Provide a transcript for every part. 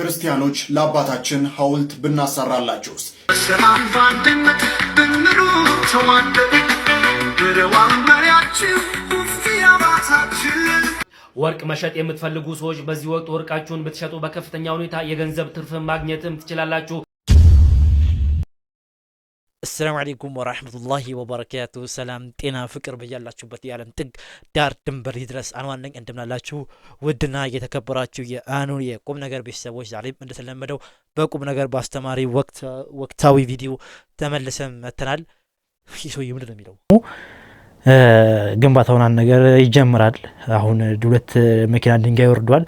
ክርስቲያኖች ለአባታችን ሐውልት ብናሰራላቸውስ? ሰላም በአንድነት ወርቅ መሸጥ የምትፈልጉ ሰዎች በዚህ ወቅት ወርቃችሁን ብትሸጡ በከፍተኛ ሁኔታ የገንዘብ ትርፍን ማግኘትም ትችላላችሁ። አሰላሙ አሌይኩም ወራህመቱላሂ ወበረካቱ። ሰላም ጤና ፍቅር በያላችሁበት የዓለም ጥግ ዳር ድንበር ይድረስ። አንዋን ነኝ። እንደምናላችሁ ውድና የተከበራችሁ የአኑን የቁም ነገር ቤተሰቦች፣ ዛሬም እንደተለመደው በቁም ነገር በአስተማሪ ወቅታዊ ቪዲዮ ተመልሰን መተናል። ሰውዬ ምንድን ነው የሚለው? ግንባታውን አንድ ነገር ይጀምራል። አሁን ሁለት መኪና ድንጋይ ወርዷል።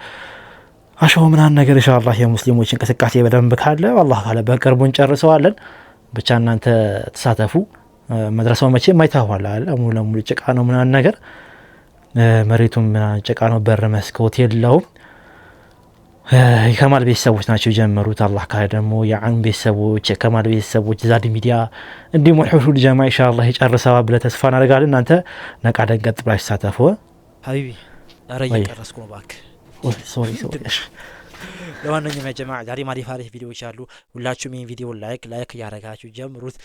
አሻው ምናን ነገር ኢንሻአላህ የሙስሊሞች እንቅስቃሴ በደንብ ካለ አላህ ካለ በቅርቡ እንጨርሰዋለን። ብቻ እናንተ ተሳተፉ። መድረሰው መቼ ማይታኋል አለ ሙሉ ለሙሉ ጭቃ ነው ምናምን ነገር መሬቱም ጭቃ ነው። በር መስኮት የለውም። የከማል ቤተሰቦች ናቸው የጀመሩት። አላህ ካለ ደግሞ የአን ቤተሰቦች፣ የከማል ቤተሰቦች፣ ዛድ ሚዲያ እንዲሁም አልሑሉል ጀማ ኢንሻአላህ ይጨርሰዋል ብለን ተስፋ እናደርጋለን። እናንተ ነቃ ደንገጥ ብላችሁ ተሳተፉ። ሀቢቢ ኧረ እየጨረስኩ ነው እባክህ ለማንኛውም ያጀማ ዛሬ ማሪፍ አሪፍ ቪዲዮዎች አሉ። ሁላችሁም ይህን ቪዲዮ ላይክ ላይክ እያደረጋችሁ ጀምሩት።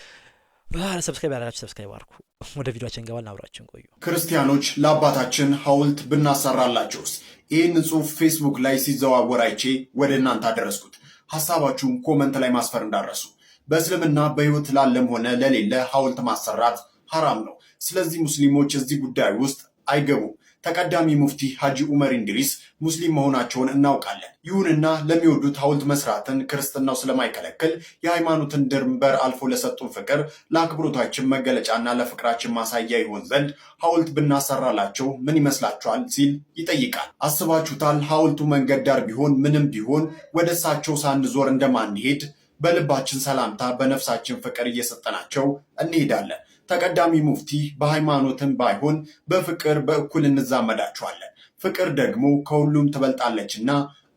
ሰብስክራይብ ያደረጋችሁ ሰብስክራይብ አድርጉ። ወደ ቪዲዮችን እንገባለን። አብራችን ቆዩ። ክርስቲያኖች ለአባታችን ሐውልት ብናሰራላቸውስ? ይህን ጽሑፍ ፌስቡክ ላይ ሲዘዋወር አይቼ ወደ እናንተ አደረስኩት። ሀሳባችሁን ኮመንት ላይ ማስፈር እንዳረሱ። በእስልምና በህይወት ላለም ሆነ ለሌለ ሐውልት ማሰራት ሐራም ነው። ስለዚህ ሙስሊሞች እዚህ ጉዳይ ውስጥ አይገቡም። ተቀዳሚ ሙፍቲ ሀጂ ኡመር እንድሪስ ሙስሊም መሆናቸውን እናውቃለን። ይሁንና ለሚወዱት ሐውልት መስራትን ክርስትናው ስለማይከለክል የሃይማኖትን ድንበር አልፎ ለሰጡን ፍቅር ለአክብሮታችን መገለጫና ለፍቅራችን ማሳያ ይሆን ዘንድ ሐውልት ብናሰራላቸው ምን ይመስላችኋል? ሲል ይጠይቃል። አስባችሁታል? ሐውልቱ መንገድ ዳር ቢሆን ምንም ቢሆን ወደ እሳቸው ሳንዞር እንደማንሄድ በልባችን ሰላምታ በነፍሳችን ፍቅር እየሰጠናቸው እንሄዳለን። ተቀዳሚ ሙፍቲ በሃይማኖትም ባይሆን በፍቅር በእኩል እንዛመዳቸዋለን፣ ፍቅር ደግሞ ከሁሉም ትበልጣለችና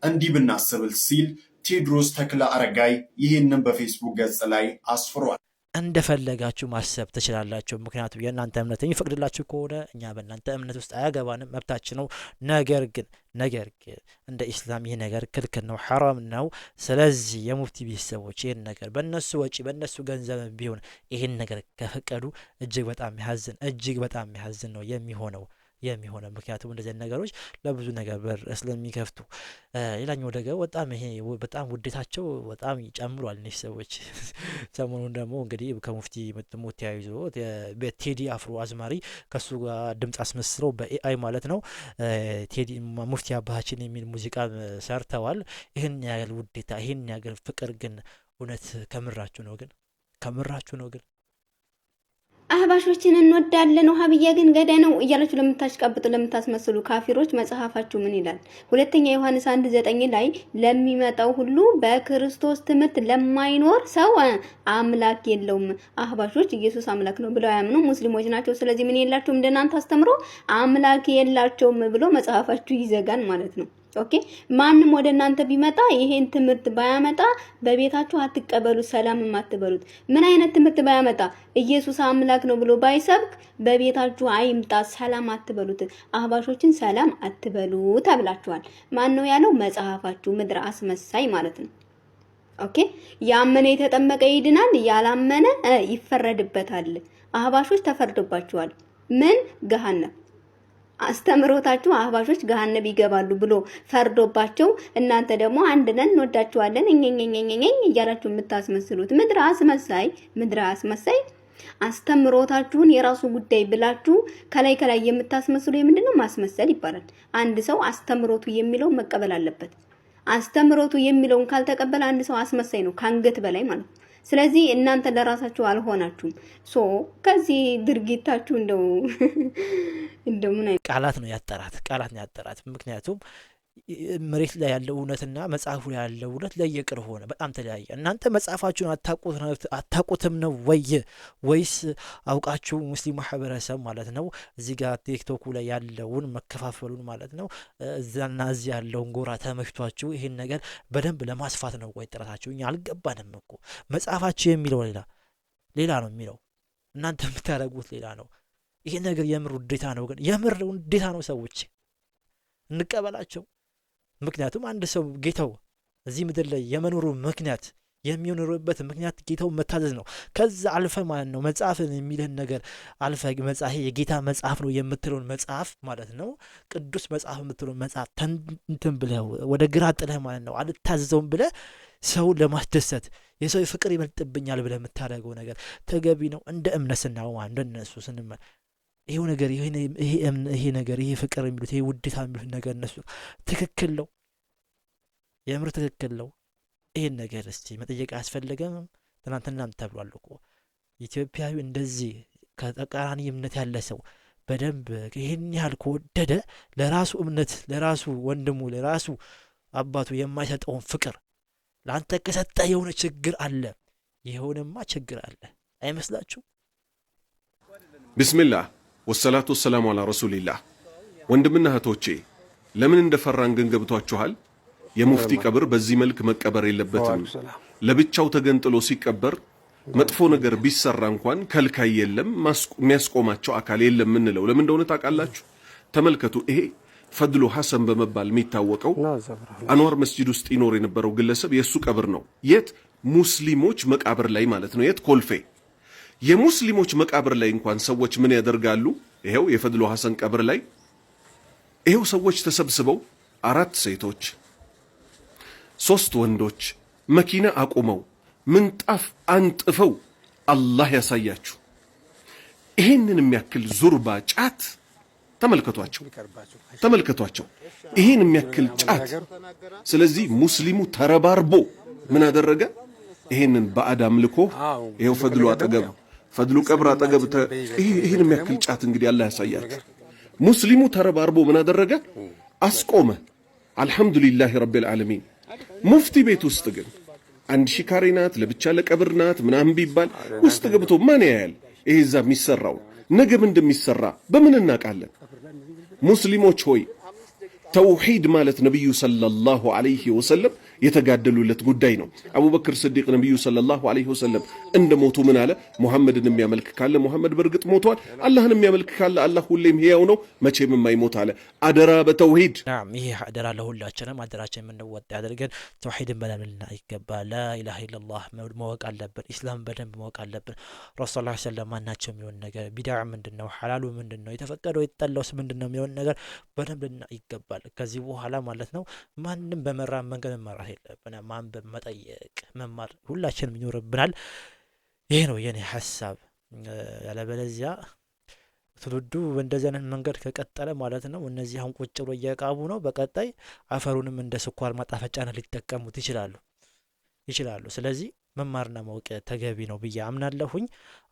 እንዲህ ብናስብል ሲል ቴዎድሮስ ተክለ አረጋይ ይህንን በፌስቡክ ገጽ ላይ አስፍሯል። እንደፈለጋችሁ ማሰብ ትችላላችሁ። ምክንያቱም የእናንተ እምነት የሚፈቅድላችሁ ከሆነ እኛ በእናንተ እምነት ውስጥ አያገባንም፣ መብታችን ነው። ነገር ግን ነገር ግን እንደ ኢስላም ይህ ነገር ክልክል ነው፣ ሐራም ነው። ስለዚህ የሙፍቲ ቤተሰቦች ይህን ነገር በእነሱ ወጪ በእነሱ ገንዘብ ቢሆን ይህን ነገር ከፈቀዱ እጅግ በጣም ያዝን እጅግ በጣም ያዝን ነው የሚሆነው። የሚሆነ ምክንያቱም እንደዚህ ነገሮች ለብዙ ነገር በር ስለሚከፍቱ። ሌላኛው ደግሞ በጣም ይሄ በጣም ውዴታቸው በጣም ይጨምሯል። እነዚህ ሰዎች ሰሞኑን ደግሞ እንግዲህ ከሙፍቲ ምጥሞ ተያይዞ በቴዲ አፍሮ አዝማሪ ከሱ ጋር ድምጽ አስመስለው በኤአይ ማለት ነው ቴዲ ሙፍቲ አባችን የሚል ሙዚቃ ሰርተዋል። ይህን ያህል ውዴታ ይህን ያህል ፍቅር ግን እውነት ከምራችሁ ነው ግን ከምራችሁ ነው ግን አህባሾችን እንወዳለን፣ ውሀብያ ግን ገዳይ ነው እያላችሁ ለምታሽቃብጡ ለምታስመስሉ ካፊሮች መጽሐፋችሁ ምን ይላል? ሁለተኛ ዮሐንስ አንድ ዘጠኝ ላይ ለሚመጣው ሁሉ በክርስቶስ ትምህርት ለማይኖር ሰው አምላክ የለውም። አህባሾች ኢየሱስ አምላክ ነው ብለው ያምኑ ሙስሊሞች ናቸው። ስለዚህ ምን የላቸውም እንደናንተ አስተምሮ አምላክ የላቸውም ብሎ መጽሐፋችሁ ይዘጋል ማለት ነው። ኦኬ ማንም ወደ እናንተ ቢመጣ ይሄን ትምህርት ባያመጣ በቤታችሁ አትቀበሉት፣ ሰላም አትበሉት። ምን አይነት ትምህርት ባያመጣ ኢየሱስ አምላክ ነው ብሎ ባይሰብክ በቤታችሁ አይምጣ፣ ሰላም አትበሉት፣ አህባሾችን ሰላም አትበሉ ተብላችኋል። ማን ነው ያለው? መጽሐፋችሁ ምድር አስመሳይ ማለት ነው። ኦኬ ያመነ የተጠመቀ ይድናል፣ ያላመነ ይፈረድበታል። አህባሾች ተፈርዶባችኋል። ምን ገሃነም አስተምሮታችሁ አህባሾች ገሃነብ ይገባሉ ብሎ ፈርዶባቸው እናንተ ደግሞ አንድ ነን እንወዳችኋለን እኝኝኝኝኝኝ እያላችሁ የምታስመስሉት ምድረ አስመሳይ ምድረ አስመሳይ አስተምሮታችሁን የራሱ ጉዳይ ብላችሁ ከላይ ከላይ የምታስመስሉ የምንድነው ማስመሰል ይባላል። አንድ ሰው አስተምሮቱ የሚለው መቀበል አለበት። አስተምሮቱ የሚለውን ካልተቀበለ አንድ ሰው አስመሳይ ነው ከአንገት በላይ ማለት ነው። ስለዚህ እናንተ ለራሳችሁ አልሆናችሁም። ሶ ከዚህ ድርጊታችሁ እንደው እንደምን ቃላት ነው ያጠራት ቃላት ነው ያጠራት ምክንያቱም መሬት ላይ ያለው እውነትና መጽሐፉ ላይ ያለው እውነት ለየቅር ሆነ፣ በጣም ተለያየ። እናንተ መጽሐፋችሁን አታውቁትም ነው ወይ ወይስ አውቃችሁ ሙስሊም ማህበረሰብ ማለት ነው እዚህ ጋር ቲክቶኩ ላይ ያለውን መከፋፈሉን ማለት ነው እዛና እዚህ ያለውን ጎራ ተመችቷችሁ ይህን ነገር በደንብ ለማስፋት ነው ወይ ጥረታችሁ? እኛ አልገባንም እኮ መጽሐፋችሁ የሚለው ሌላ ሌላ ነው የሚለው እናንተ የምታደርጉት ሌላ ነው። ይሄ ነገር የምር ውዴታ ነው፣ ግን የምር ውዴታ ነው። ሰዎች እንቀበላቸው ምክንያቱም አንድ ሰው ጌታው እዚህ ምድር ላይ የመኖሩ ምክንያት የሚኖርበት ምክንያት ጌታው መታዘዝ ነው። ከዛ አልፈ ማለት ነው መጽሐፍን የሚልህን ነገር አልፈ መጽሐፌ የጌታ መጽሐፍ ነው የምትለውን መጽሐፍ ማለት ነው ቅዱስ መጽሐፍ የምትለውን መጽሐፍ ተንትን ብለህ ወደ ግራ ጥለህ ማለት ነው አልታዘዘውም ብለህ ሰውን ለማስደሰት የሰው ፍቅር ይበልጥብኛል ብለህ የምታደርገው ነገር ተገቢ ነው። እንደ እምነት ስናየው እንደነሱ ስንመ ይሄው ነገር ይሄ ነገር ይሄ ፍቅር የሚሉት ይሄ ውዴታ የሚሉት ነገር እነሱ ትክክል ነው፣ የምር ትክክል ነው። ይሄን ነገር እስቲ መጠየቅ አያስፈለገም። ትናንትናም ተብሏል እኮ ኢትዮጵያዊ እንደዚህ ከተቃራኒ እምነት ያለ ሰው በደንብ ይህን ያህል ከወደደ ለራሱ እምነት ለራሱ ወንድሙ ለራሱ አባቱ የማይሰጠውን ፍቅር ለአንተ ከሰጠ የሆነ ችግር አለ። የሆነማ ችግር አለ አይመስላችሁ? ቢስሚላህ ወሰላቱ ወሰላሙ አላ ረሱሊላህ። ወንድምና እህቶቼ ለምን እንደፈራን ግን ገብቷችኋል? የሙፍቲ ቀብር በዚህ መልክ መቀበር የለበትም። ለብቻው ተገንጥሎ ሲቀበር መጥፎ ነገር ቢሰራ እንኳን ከልካይ የለም፣ የሚያስቆማቸው አካል የለም ምንለው ለምን እንደሆነ ታውቃላችሁ? ተመልከቱ። ይሄ ፈድሎ ሐሰን በመባል የሚታወቀው አንዋር መስጂድ ውስጥ ይኖር የነበረው ግለሰብ የእሱ ቀብር ነው። የት ሙስሊሞች መቃብር ላይ ማለት ነው። የት ኮልፌ የሙስሊሞች መቃብር ላይ እንኳን ሰዎች ምን ያደርጋሉ? ይሄው የፈድሎ ሐሰን ቀብር ላይ ይሄው ሰዎች ተሰብስበው አራት ሴቶች ሶስት ወንዶች መኪና አቁመው ምንጣፍ አንጥፈው አላህ ያሳያችሁ። ይሄንን የሚያክል ዙርባ ጫት ተመልከቷቸው፣ ተመልከቷቸው። ይሄን የሚያክል ጫት። ስለዚህ ሙስሊሙ ተረባርቦ ምን አደረገ? ይሄንን ባዕድ አምልኮ ይሄው ፈድሎ አጠገብ ፈድሉ ቀብር አጠገብ ይህን የሚያክል ጫት እንግዲህ አላህ ያሳያችሁ። ሙስሊሙ ተረባርቦ ምን አደረገ? አስቆመ። አልሐምዱሊላህ ረቢል ዓለሚን። ሙፍቲ ቤት ውስጥ ግን አንድ ሺህ ካሬ ናት፣ ለብቻ ለቀብር ናት ምናምን ቢባል ውስጥ ገብቶ ማን ያያል? ይሄ እዛ የሚሰራው ነገም እንደሚሰራ በምን እናውቃለን? ሙስሊሞች ሆይ ተውሂድ ማለት ነቢዩ ሰለላሁ ዐለይሂ ወሰለም የተጋደሉለት ጉዳይ ነው። አቡበክር ስዲቅ ነቢዩ ሰለላሁ ዐለይሂ ወሰለም እንደ ሞቱ ምን አለ? ሙሐመድን የሚያመልክ ካለ ሙሐመድ በእርግጥ ሞቷል። አላህን የሚያመልክ ካለ አላህ ሁሌም ሕያው ነው፣ መቼም የማይሞት አለ። አደራ በተውሂድ ናም። ይሄ አደራ ለሁላችንም አደራችን የምንወጣ ያደርገን። ተውሂድን በለምልና ይገባ ላኢላሃ ኢለላህ ማወቅ አለብን። ኢስላም በደንብ ማወቅ አለብን። ረሱ ላ ስለም ማናቸው የሚሆን ነገር ቢድዓ ምንድን ነው? ሐላሉ ምንድን ነው? የተፈቀደው የተጠላውስ ምንድን ነው የሚሆን ነገር በደንብ ልና ይገባል። ከዚህ በኋላ ማለት ነው ማንም በመራ መንገድ መራት የለብን። ማንበብ፣ መጠየቅ፣ መማር ሁላችንም ይኖርብናል። ይሄ ነው የኔ ሀሳብ። ያለበለዚያ ትውልዱ በእንደዚህ አይነት መንገድ ከቀጠለ ማለት ነው እነዚህ አሁን ቁጭ ብሎ እየቃቡ ነው። በቀጣይ አፈሩንም እንደ ስኳር ማጣፈጫነት ሊጠቀሙት ይችላሉ ይችላሉ። ስለዚህ መማርና ማወቅ ተገቢ ነው ብዬ አምናለሁኝ።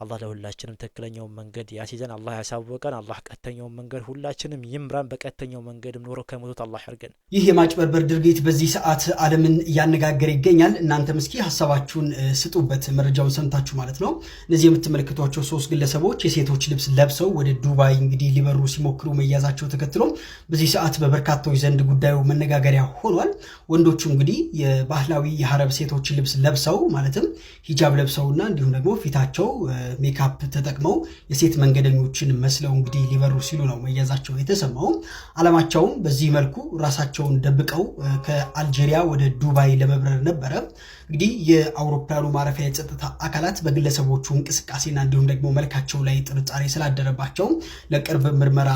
አላህ ለሁላችንም ትክክለኛውን መንገድ ያሲዘን፣ አላህ ያሳወቀን፣ አላህ ቀጥተኛውን መንገድ ሁላችንም ይምራን። በቀጥተኛው መንገድም ኖሮ ከሞቱት አላህ ያርገን። ይህ የማጭበርበር ድርጊት በዚህ ሰዓት ዓለምን እያነጋገረ ይገኛል። እናንተም እስኪ ሀሳባችሁን ስጡበት፣ መረጃውን ሰምታችሁ ማለት ነው። እነዚህ የምትመለከቷቸው ሶስት ግለሰቦች የሴቶች ልብስ ለብሰው ወደ ዱባይ እንግዲህ ሊበሩ ሲሞክሩ መያዛቸው ተከትሎ በዚህ ሰዓት በበርካታዎች ዘንድ ጉዳዩ መነጋገሪያ ሆኗል። ወንዶቹ እንግዲህ የባህላዊ የሀረብ ሴቶች ልብስ ለብሰው ማለት ማለትም ሂጃብ ለብሰውና እንዲሁም ደግሞ ፊታቸው ሜካፕ ተጠቅመው የሴት መንገደኞችን መስለው እንግዲህ ሊበሩ ሲሉ ነው መያዛቸው የተሰማው። አለማቸውም በዚህ መልኩ ራሳቸውን ደብቀው ከአልጄሪያ ወደ ዱባይ ለመብረር ነበረ። እንግዲህ የአውሮፕላኑ ማረፊያ የጸጥታ አካላት በግለሰቦቹ እንቅስቃሴና እንዲሁም ደግሞ መልካቸው ላይ ጥርጣሬ ስላደረባቸው ለቅርብ ምርመራ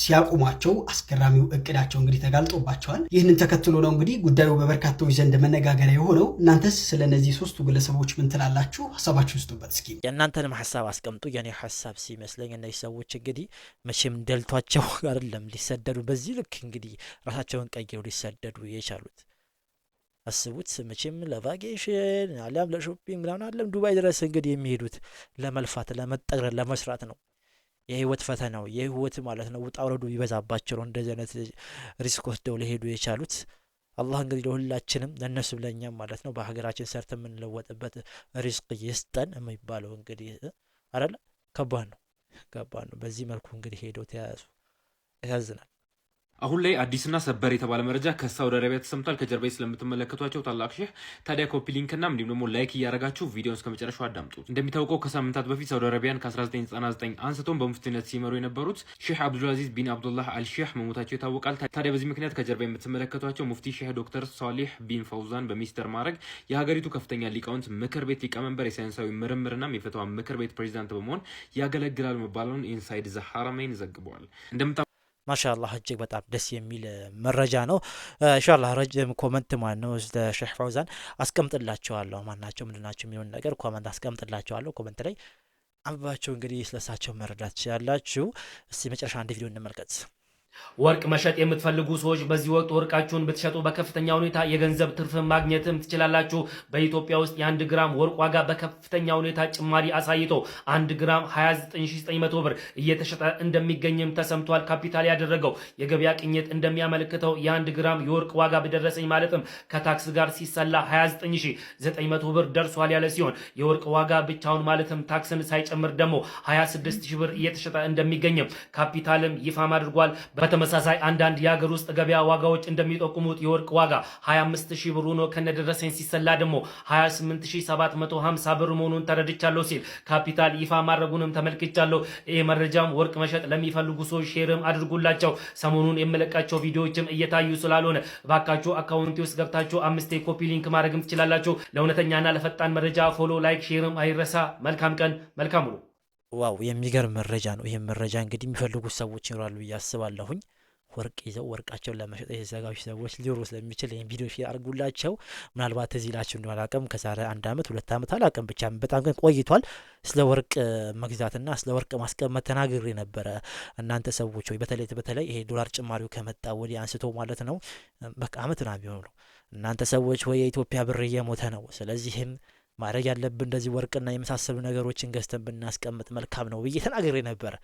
ሲያቁሟቸው አስገራሚው እቅዳቸው እንግዲህ ተጋልጦባቸዋል። ይህንን ተከትሎ ነው እንግዲህ ጉዳዩ በበርካታዎች ዘንድ መነጋገሪያ የሆነው። እናንተስ ስለነዚህ ሶስት ሶስቱ ግለሰቦች ምን ትላላችሁ? ሀሳባችሁ ስጡበት እስኪ። የእናንተንም ሀሳብ አስቀምጡ። የኔ ሀሳብ ሲመስለኝ እነዚህ ሰዎች እንግዲህ መቼም ደልቷቸው አይደለም ሊሰደዱ በዚህ ልክ እንግዲህ ራሳቸውን ቀይረው ሊሰደዱ የቻሉት አስቡት። መቼም ለቫኬሽን አሊያም ለሾፒንግ ምናምን አለም ዱባይ ድረስ እንግዲህ የሚሄዱት ለመልፋት፣ ለመጠቅረር፣ ለመስራት ነው። የህይወት ፈተናው የህይወት ማለት ነው ውጣ ውረዱ ይበዛባቸው ነው እንደዚህ አይነት ሪስክ ወስደው ሊሄዱ የቻሉት። አላህ እንግዲህ ለሁላችንም ለእነሱ ብለኛም ማለት ነው በሀገራችን ሰርተ የምንለወጥበት ሪዝቅ ይስጠን የሚባለው እንግዲህ አለ ከባድ ነው ከባድ ነው። በዚህ መልኩ እንግዲህ ሄደው ተያያዙ። ያዝናል አሁን ላይ አዲስና ሰበር የተባለ መረጃ ከሳውዲ አረቢያ ተሰምቷል። ከጀርባዬ ስለምትመለከቷቸው ታላቅ ሼህ ታዲያ ኮፒ ሊንክና እንዲሁም ደግሞ ላይክ እያደረጋችሁ ቪዲዮን እስከ መጨረሻው አዳምጡት። እንደሚታወቀው ከሳምንታት በፊት ሳውዲ አረቢያን ከ1999 አንስቶን በሙፍትነት ሲመሩ የነበሩት ሼህ አብዱልአዚዝ ቢን አብዱላህ አልሼህ መሞታቸው ይታወቃል። ታዲያ በዚህ ምክንያት ከጀርባ የምትመለከቷቸው ሙፍቲ ሼህ ዶክተር ሳሊህ ቢን ፈውዛን በሚስተር ማድረግ የሀገሪቱ ከፍተኛ ሊቃውንት ምክር ቤት ሊቀመንበር፣ የሳይንሳዊ ምርምርና የፈተዋ ምክር ቤት ፕሬዚዳንት በመሆን ያገለግላል መባለውን ኢንሳይድ ዘ ዘግበዋል። ማሻላህ እጅግ በጣም ደስ የሚል መረጃ ነው። ኢንሻላ ረጅም ኮመንት ማለት ነው ሼህ ፈውዛን አስቀምጥላቸዋለሁ። ማናቸው ምንድናቸው የሚሆን ነገር ኮመንት አስቀምጥላቸዋለሁ። ኮመንት ላይ አንብባቸው እንግዲህ ስለሳቸው መረዳት ትችላላችሁ። እስቲ መጨረሻ አንድ ቪዲዮ እንመልከት። ወርቅ መሸጥ የምትፈልጉ ሰዎች በዚህ ወቅት ወርቃችሁን ብትሸጡ በከፍተኛ ሁኔታ የገንዘብ ትርፍን ማግኘትም ትችላላችሁ። በኢትዮጵያ ውስጥ የአንድ ግራም ወርቅ ዋጋ በከፍተኛ ሁኔታ ጭማሪ አሳይቶ አንድ ግራም 29900 ብር እየተሸጠ እንደሚገኝም ተሰምቷል። ካፒታል ያደረገው የገበያ ቅኝት እንደሚያመለክተው የአንድ ግራም የወርቅ ዋጋ በደረሰኝ ማለትም ከታክስ ጋር ሲሰላ 29900 ብር ደርሷል ያለ ሲሆን የወርቅ ዋጋ ብቻውን ማለትም ታክስን ሳይጨምር ደግሞ 26000 ብር እየተሸጠ እንደሚገኝም ካፒታልም ይፋም አድርጓል። በተመሳሳይ አንዳንድ የሀገር ውስጥ ገበያ ዋጋዎች እንደሚጠቁሙት የወርቅ ዋጋ 25000 ብር ሆኖ ከነደረሰኝ ሲሰላ ደግሞ 28750 ብር መሆኑን ተረድቻለሁ ሲል ካፒታል ይፋ ማድረጉንም ተመልክቻለሁ። ይህ መረጃም ወርቅ መሸጥ ለሚፈልጉ ሰዎች ሼርም አድርጉላቸው። ሰሞኑን የመለቃቸው ቪዲዮዎችም እየታዩ ስላልሆነ ባካችሁ አካውንቴ ውስጥ ገብታችሁ አምስቴ ኮፒ ሊንክ ማድረግም ትችላላችሁ። ለእውነተኛና ለፈጣን መረጃ ፎሎ፣ ላይክ፣ ሼርም አይረሳ። መልካም ቀን፣ መልካም ዋው የሚገርም መረጃ ነው። ይህም መረጃ እንግዲህ የሚፈልጉት ሰዎች ይኖራሉ ብዬ አስባለሁኝ። ወርቅ ይዘው ወርቃቸውን ለመሸጥ የተዘጋጁ ሰዎች ሊኖሩ ስለሚችል ይህም ቪዲዮ ሼር አድርጉላቸው። ምናልባት እዚህ ላቸው እንደሆነ አላውቅም፣ ከዛሬ አንድ አመት ሁለት አመት አላውቅም፣ ብቻ በጣም ግን ቆይቷል። ስለ ወርቅ መግዛትና ስለ ወርቅ ማስቀመጥ ተናግሬ ነበረ። እናንተ ሰዎች ወይ በተለይ በተለይ ይሄ ዶላር ጭማሪው ከመጣ ወዲህ አንስቶ ማለት ነው በቃ አመት ና ቢሆኑ እናንተ ሰዎች ወይ የኢትዮጵያ ብር እየሞተ ነው። ስለዚህም ማድረግ ያለብን እንደዚህ ወርቅና የመሳሰሉ ነገሮችን ገዝተን ብናስቀምጥ መልካም ነው ብዬ ተናግሬ ነበረ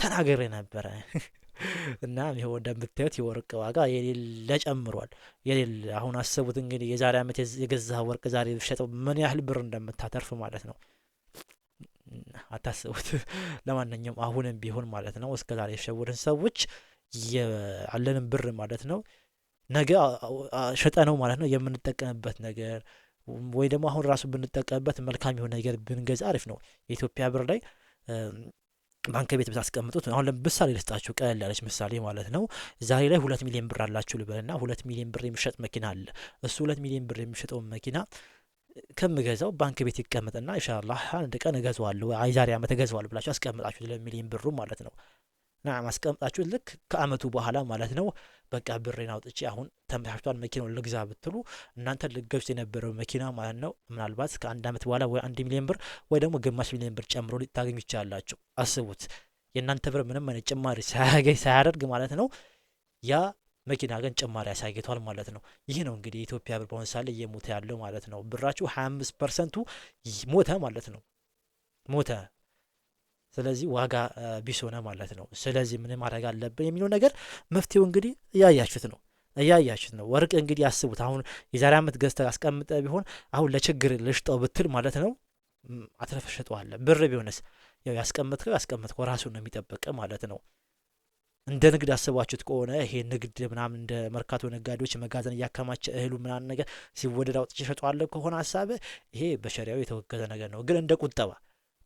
ተናግሬ ነበረ። እና ይኸው እንደምታዩት የወርቅ ዋጋ የሌለ ጨምሯል። የሌለ አሁን አስቡት እንግዲህ የዛሬ ዓመት የገዛ ወርቅ ዛሬ ሸጠው ምን ያህል ብር እንደምታተርፍ ማለት ነው። አታስቡት። ለማንኛውም አሁንም ቢሆን ማለት ነው እስከ ዛሬ የሸወድን ሰዎች ያለንን ብር ማለት ነው ነገ ሸጠ ነው ማለት ነው የምንጠቀምበት ነገር ወይ ደግሞ አሁን ራሱ ብንጠቀምበት መልካም የሆነ ነገር ብንገዛ አሪፍ ነው። የኢትዮጵያ ብር ላይ ባንክ ቤት ብታስቀምጡት አሁን ምሳሌ ልስጣችሁ፣ ቀለል ያለች ምሳሌ ማለት ነው። ዛሬ ላይ ሁለት ሚሊዮን ብር አላችሁ ልበልና ሁለት ሚሊዮን ብር የሚሸጥ መኪና አለ። እሱ ሁለት ሚሊዮን ብር የሚሸጠውን መኪና ከምገዛው ባንክ ቤት ይቀመጥና ኢንሻላህ አንድ ቀን እገዛዋለሁ፣ ዛሬ ዓመት እገዛዋለሁ ብላችሁ አስቀምጣችሁት ለሚሊዮን ብሩ ማለት ነው ና አስቀምጣችሁት ልክ ከዓመቱ በኋላ ማለት ነው በቃ ብሬን አውጥቼ አሁን ተመቻችቷል መኪናውን ልግዛ ብትሉ እናንተ ልገብስ የነበረው መኪና ማለት ነው ምናልባት ከአንድ ዓመት በኋላ ወይ አንድ ሚሊዮን ብር ወይ ደግሞ ግማሽ ሚሊዮን ብር ጨምሮ ልታገኙ ይችላላችሁ። አስቡት የእናንተ ብር ምንም አይነት ጭማሪ ሳያገኝ ሳያደርግ ማለት ነው ያ መኪና ግን ጭማሪ ያሳይቷል ማለት ነው። ይህ ነው እንግዲህ የኢትዮጵያ ብር በአሁኑ ሰዓት እየሞተ ያለው ማለት ነው። ብራችሁ 25 ፐርሰንቱ ሞተ ማለት ነው ሞተ ስለዚህ ዋጋ ቢስ ሆነ ማለት ነው። ስለዚህ ምን ማድረግ አለብን የሚለው ነገር መፍትሄው እንግዲህ እያያችሁት ነው እያያችሁት ነው። ወርቅ እንግዲህ ያስቡት። አሁን የዛሬ ዓመት ገዝተ አስቀምጠ ቢሆን አሁን ለችግር ልሽጠው ብትል ማለት ነው አትረፈ ሸጠዋለህ። ብር ቢሆንስ ያው ያስቀምጥከው ያስቀምጥከው ራሱን ነው የሚጠብቅ ማለት ነው። እንደ ንግድ አስባችሁት ከሆነ ይሄ ንግድ ምናምን እንደ መርካቶ ነጋዴዎች መጋዘን እያከማቸ እህሉ ምናምን ነገር ሲወደድ አውጥቼ እሸጠዋለሁ ከሆነ ሀሳብ ይሄ በሸሪያው የተወገዘ ነገር ነው። ግን እንደ ቁጠባ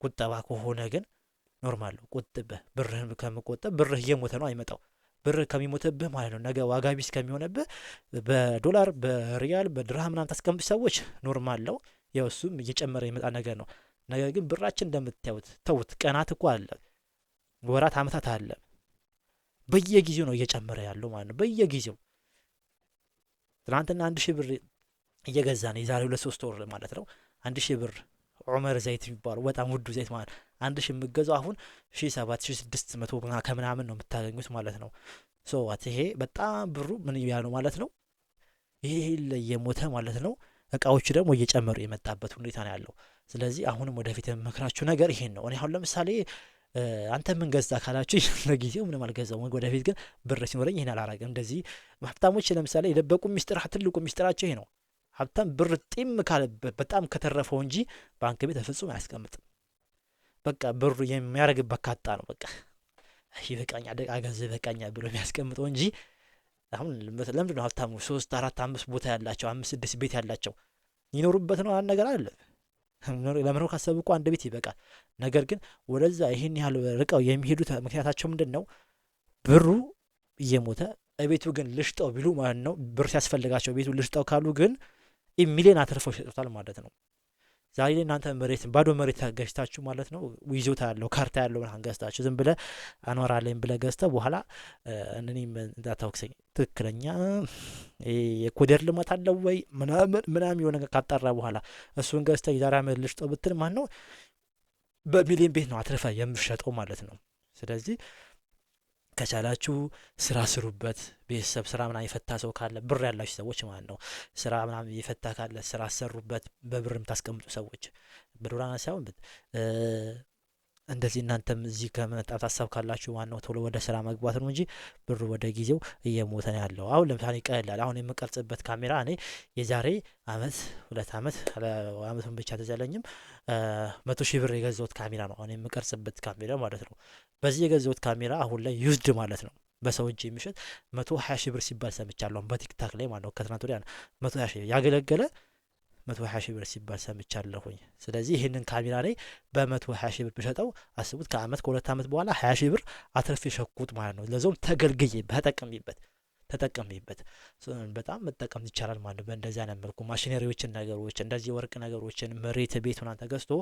ቁጠባ ከሆነ ግን ኖርማል ነው። ብርህን ብርህ እየሞተ ነው አይመጣው ብር ከሚሞትብህ ማለት ነው ነገ ዋጋ ቢስ ከሚሆነብህ በዶላር በሪያል በድርሃ ምናምን ታስቀምጡ ሰዎች ኖርማል ነው። ያው እሱም እየጨመረ የመጣ ነገር ነው። ነገር ግን ብራችን እንደምታዩት ተውት። ቀናት እኮ አለ፣ ወራት፣ አመታት አለ። በየጊዜው ነው እየጨመረ ያለው ማለት ነው። በየጊዜው ትናንትና አንድ ሺህ ብር እየገዛ ነው የዛሬ ሁለት ሶስት ወር ማለት ነው አንድ ሺህ ብር ዑመር ዘይት የሚባሉ በጣም ውዱ ዘይት ማለት አንድ ሺ የምገዛው አሁን ሺ ሰባት ሺ ስድስት መቶ ከምናምን ነው የምታገኙት ማለት ነው። ሶዋት ይሄ በጣም ብሩ ምን ያ ነው ማለት ነው። ይሄ እየሞተ ማለት ነው። እቃዎቹ ደግሞ እየጨመሩ የመጣበት ሁኔታ ነው ያለው። ስለዚህ አሁንም ወደፊት የምመክራችሁ ነገር ይሄን ነው። እኔ አሁን ለምሳሌ አንተ ምን ገዛ ካላችሁ ለጊዜው ምንም አልገዛው። ወደፊት ግን ብር ሲኖረኝ ይህን አላረግም። እንደዚህ ሀብታሞች ለምሳሌ የደበቁ ሚስጥር፣ ትልቁ ሚስጥራቸው ይሄ ነው። ሀብታም ብር ጢም ካለበት በጣም ከተረፈው እንጂ ባንክ ቤት በፍጹም አያስቀምጥም። በቃ ብሩ የሚያደርግበት በካጣ ነው። በቃ ይበቃኛ ደቃ ገንዘብ ይበቃኛ ብሎ የሚያስቀምጠው እንጂ አሁን ለምድ ነው ሀብታሙ ሶስት አራት አምስት ቦታ ያላቸው አምስት ስድስት ቤት ያላቸው ይኖሩበት ነው? አንድ ነገር አለ ለመኖር ካሰቡ እኮ አንድ ቤት ይበቃል። ነገር ግን ወደዛ ይህን ያህል ርቀው የሚሄዱት ምክንያታቸው ምንድን ነው? ብሩ እየሞተ ቤቱ ግን ልሽጠው ቢሉ ማለት ነው ብር ሲያስፈልጋቸው ቤቱ ልሽጠው ካሉ ግን ሚሊዮን አትርፈው ሸጡታል ማለት ነው። ዛሬ ላይ እናንተ መሬት ባዶ መሬት ገዝታችሁ ማለት ነው ይዞታ ያለው ካርታ ያለው ብርሃን ገዝታችሁ ዝም ብለህ አኖራለኝ ብለህ ገዝተህ በኋላ እኔም እንዳታወቅሰኝ ትክክለኛ የኮደር ልማት አለው ወይ ምናምን ምናምን የሆነ ካጣራ በኋላ እሱን ገዝተህ የዛሬ አመት ልሽጦ ብትል ማን ነው በሚሊዮን ቤት ነው አትርፈ የምሸጠው ማለት ነው። ስለዚህ ከቻላችሁ ስራ ስሩበት። ቤተሰብ ስራ ምናምን የፈታ ሰው ካለ ብር ያላችሁ ሰዎች ማለት ነው። ስራ ምናምን የፈታ ካለ ስራ ሰሩበት። በብር የምታስቀምጡ ሰዎች በዶላር ሳይሆን እንደዚህ እናንተም እዚህ ከመጣት ሀሳብ ካላችሁ ዋናው ቶሎ ወደ ስራ መግባት ነው እንጂ ብሩ ወደ ጊዜው እየሞተ ነው ያለው። አሁን ለምሳሌ ቀላል አሁን የምቀርጽበት ካሜራ እኔ የዛሬ አመት ሁለት አመት አመቱን ብቻ ተዘለኝም መቶ ሺህ ብር የገዛሁት ካሜራ ነው አሁን የምቀርጽበት ካሜራ ማለት ነው። በዚህ የገዛሁት ካሜራ አሁን ላይ ዩዝድ ማለት ነው በሰው እጅ የሚሸጥ መቶ ሀያ ሺህ ብር ሲባል ሰምቻለሁ በቲክታክ ላይ ማለት ነው። ከትናንት ወዲያ መቶ ሀያ ሺህ ያገለገለ መቶ ሀያ ሺህ ብር ሲባል ሰምቻለሁኝ። ስለዚህ ይህንን ካሜራ ላይ በመቶ ሀያ ሺህ ብር ብሸጠው አስቡት ከአመት ከሁለት አመት በኋላ ሀያ ሺህ ብር አትርፌ ሸኩት ማለት ነው። ለዛውም ተገልግዬ ተጠቀሚበት ተጠቀሚበት በጣም መጠቀም ይቻላል ማለት ነው። በእንደዚህ አይነት መልኩ ማሽነሪዎችን፣ ነገሮች እንደዚህ ወርቅ ነገሮችን፣ መሬት፣ ቤት ምናምን ተገዝቶ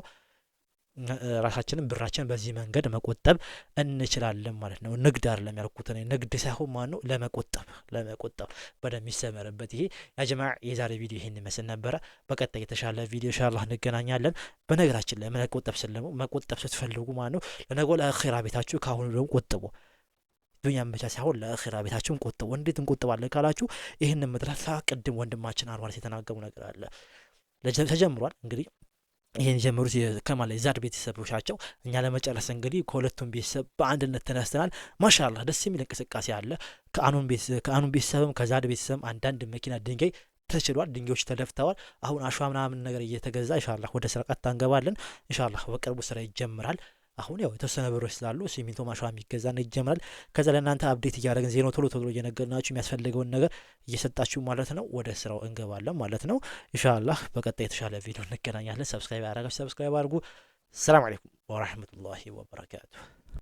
ራሳችንን ብራችን በዚህ መንገድ መቆጠብ እንችላለን ማለት ነው። ንግድ አይደለም ያልኩት እኔ ንግድ ሳይሆን ማን ነው ለመቆጠብ ለመቆጠብ በደንብ የሚሰመርበት ይሄ ያጀማ የዛሬ ቪዲዮ ይሄን ይመስል ነበረ። በቀጣይ የተሻለ ቪዲዮ ኢንሻላህ እንገናኛለን። በነገራችን ላይ መቆጠብ ስለሙ መቆጠብ ስትፈልጉ ማን ነው ለነገ ለአኺራ ቤታችሁ ከአሁኑ ደግሞ ቆጥቡ ዱንያም ብቻ ሳይሆን ለአኺራ ቤታችሁን ቆጥቡ። እንዴት እንቆጥባለን ካላችሁ ይህን ምድራት ቅድም ወንድማችን አንዋርስ የተናገሩ ነገር አለ ተጀምሯል እንግዲህ ይህን ጀምሩ ከማለ የዛድ ናቸው። እኛ ለመጨረስ እንግዲህ ከሁለቱም ቤተሰብ በአንድነት ተነስተናል። ማሻላ ደስ የሚል እንቅስቃሴ አለ። ከአኑን ቤተሰብም ከዛድ ቤተሰብም አንዳንድ መኪና ድንጋይ ተችሏል። ድንጋዮች ተደፍተዋል። አሁን አሸዋ ምናምን ነገር እየተገዛ ኢንሻላህ ወደ ስራ ቀጥታ እንገባለን። ኢንሻላህ በቅርቡ ስራ ይጀምራል። አሁን ያው የተወሰነ ብሮች ስላሉ ሲሚንቶ ማሸዋ የሚገዛ ይጀምራል። ከዛ ለእናንተ አብዴት እያደረግን ዜና ቶሎ ቶሎ እየነገርናችሁ የሚያስፈልገውን ነገር እየሰጣችሁ ማለት ነው። ወደ ስራው እንገባለን ማለት ነው። ኢንሻላህ በቀጣይ የተሻለ ቪዲዮ እንገናኛለን። ሰብስክራይብ ያደረጋችሁ ሰብስክራይብ አድርጉ። ሰላም አለይኩም ወራህመቱላሂ ወበረካቱ።